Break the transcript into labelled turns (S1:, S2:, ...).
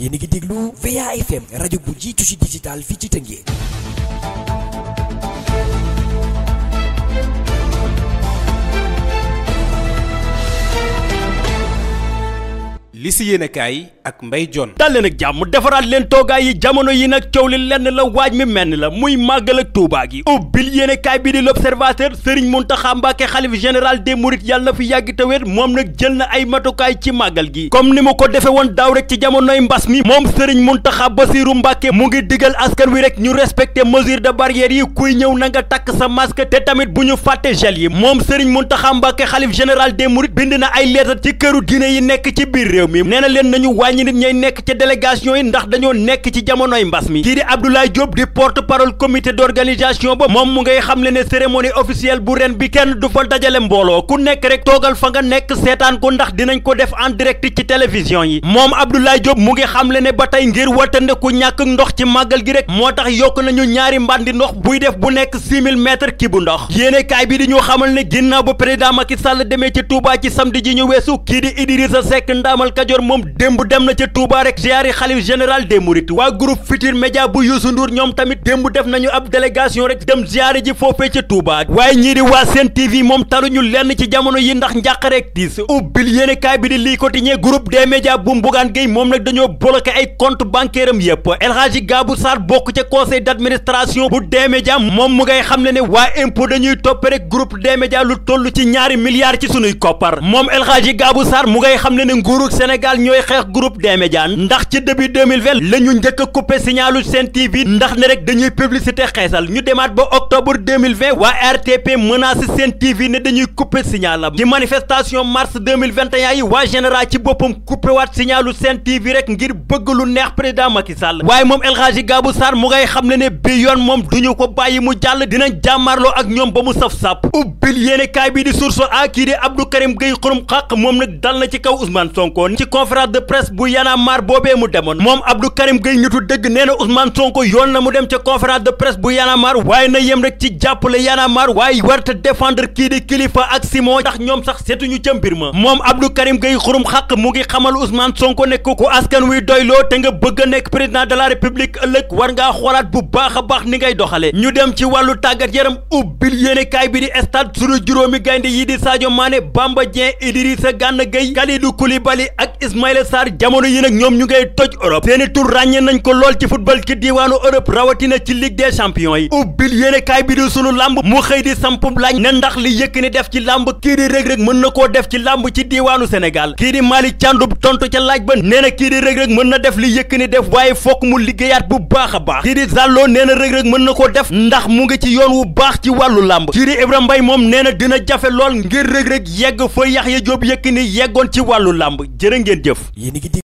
S1: yéen a ngi déglu VA FM rajo bu jiitu ci digital fii ci Tëngéej li si yéene kaay ak Mbaye Dione dal leen ak jàmm defaraat leen toogaay yi jamono yi nag coow li lenn la waaj mi menn la muy màggal ak Touba gi ubbil yéene kaay bi di l'observateur Serigne Mountakha Mbacké xalif général des mourides yàlla fi yàgg tawet moom nag jël na ay matukaay ci màggal gi comme ni mu ko defe woon daaw rek ci jamonoy mbas mi moom Serigne Mountakha Bassirou Mbacké mu ngi digal askan wi rek ñu respecté mesure de barrière yi kuy ñëw na nga takk sa masque te tamit bu ñu fàtte gel yi moom Serigne Mountakha Mbacké xalif général des mourides bind na ay lettre ci këru diine yi nekk ci biir réew mi nee na leen nañu wàññi nit ñay nekk ci délégation yi ndax dañoo nekk ci jamonoy mbas mi kii di Abdoulaye Diop di porte parole comité d'organisation ba moom mu ngay xam le ne cérémonie officielle bu ren bi kenn du fa dajale mbooloo ku nekk rek toogal fa nga nekk seetaan ko ndax dinañ ko def en direct ci télévision yi moom Abdoulaye Diop mu ngi xam le ne ba tey ngir wattande ku ñàkk ndox ci màggal gi rek moo tax yokk nañu ñaari mbàndi ndox buy def bu nekk 6000 mètres bu ndox yéene kaay bi di ñu xamal ne ginnaaw ba président Macky Sall demee ci Touba ci samedi ji ñu weesu kii Kajoor moom démb dem na ca Touba rek ziyaari xalif général des Mourides waa groupe Futurs Médias bu Youssou Ndour ñoom tamit démb def nañu ab délégation rek dem ziyaari ji foofee ca Touba waaye ñii waa Sen TV moom taluñu lenn ci jamono yi ndax njàq rek tiis ubbil yéenekaay bi di lii Quotidien groupe des médias bu Bougane Gueye moom nag dañoo bloqué ay compte bancaire am El Hadji Gabou Sarr bokk ca conseil d'administration bu des médias moom mu ngay xam ne ne waa impôt Sénégal ñoy xex groupe D-Médias ndax ci début 2020 la ñu njëkk couper coupé signalu Sen TV ndax né rek dañuy publicité xéssal ñu démat ba octobre 2020 wa RTP menacé Sen TV né dañuy coupé signalam ci manifestation mars 2021 yi wa général ci boppam coupé waat signalu Sen TV rek ngir bëgg lu neex président Macky Sall waye mom El Hadji Gabou Sar mu ngay xam ne ne bi yoon duñu ko bayyi mu jall dinañ jamarlo ak ñom ba mu saf sap. ubbil yéene kay bi di source a Abdou Karim Gueye xurum xaq mom nak dal na ci kaw Ousmane Sonko ci conférence de presse bu Y'en a marre boobee mu demoon moom Abdou Karim Gueye nitu dëgg nee na Ousmane Sonko yoon na mu dem ca conférence de presse bu Y'en a marre waaye na yem rek ci jàppale Y'en a marre waaye warta défendre kii di kilifa ak Simon ndax ñoom sax seetuñu ca mbir ma moom Abdou Karim Gueye xurum xàq mu ngi xamal Ousmane Sonko nekk ko askan wuy doyloo te nga bëgg a nekk président de la république ëllëg war ngaa xoolaat bu baax a baax ni ngay doxale ñu dem ci wàllu tàggat yaram ubbil yéenekaay bi di stade sunu juróomi gaynde yi di Sadio Mané Bamba Dieng Idrissa Gana Gueye Kalidou Koulibaly ak ak Ismaïla Sarr jamono yi nag ñoom ñu ngay toj Europe seeni tur ràññee nañ ko lool ci football ci diiwaanu Europe rawatina ci Ligue des champions yi ubbil yéene kaay bi di sunu làmb mu xëy di samp laaj ne ndax li Yékini def ci làmb kii di Reug Reug mën na koo def ci làmb ci diiwaanu Sénégal kii di Malick Thiandoum tontu ca laaj ba nee na kii di Reug Reug mën na def li Yékini def waaye fokk mu liggéeyaat bu baax a baax kii di Zallo nee na Reug Reug mën na koo def ndax mu ngi ci yoon wu baax ci wàllu làmb kii di Ibrahima moom nee na dina jafe lool ngir Reug Reug yegg fa Yaxya Jóob Yékini yeggoon ci wàllu làmb jërë ngeen jëf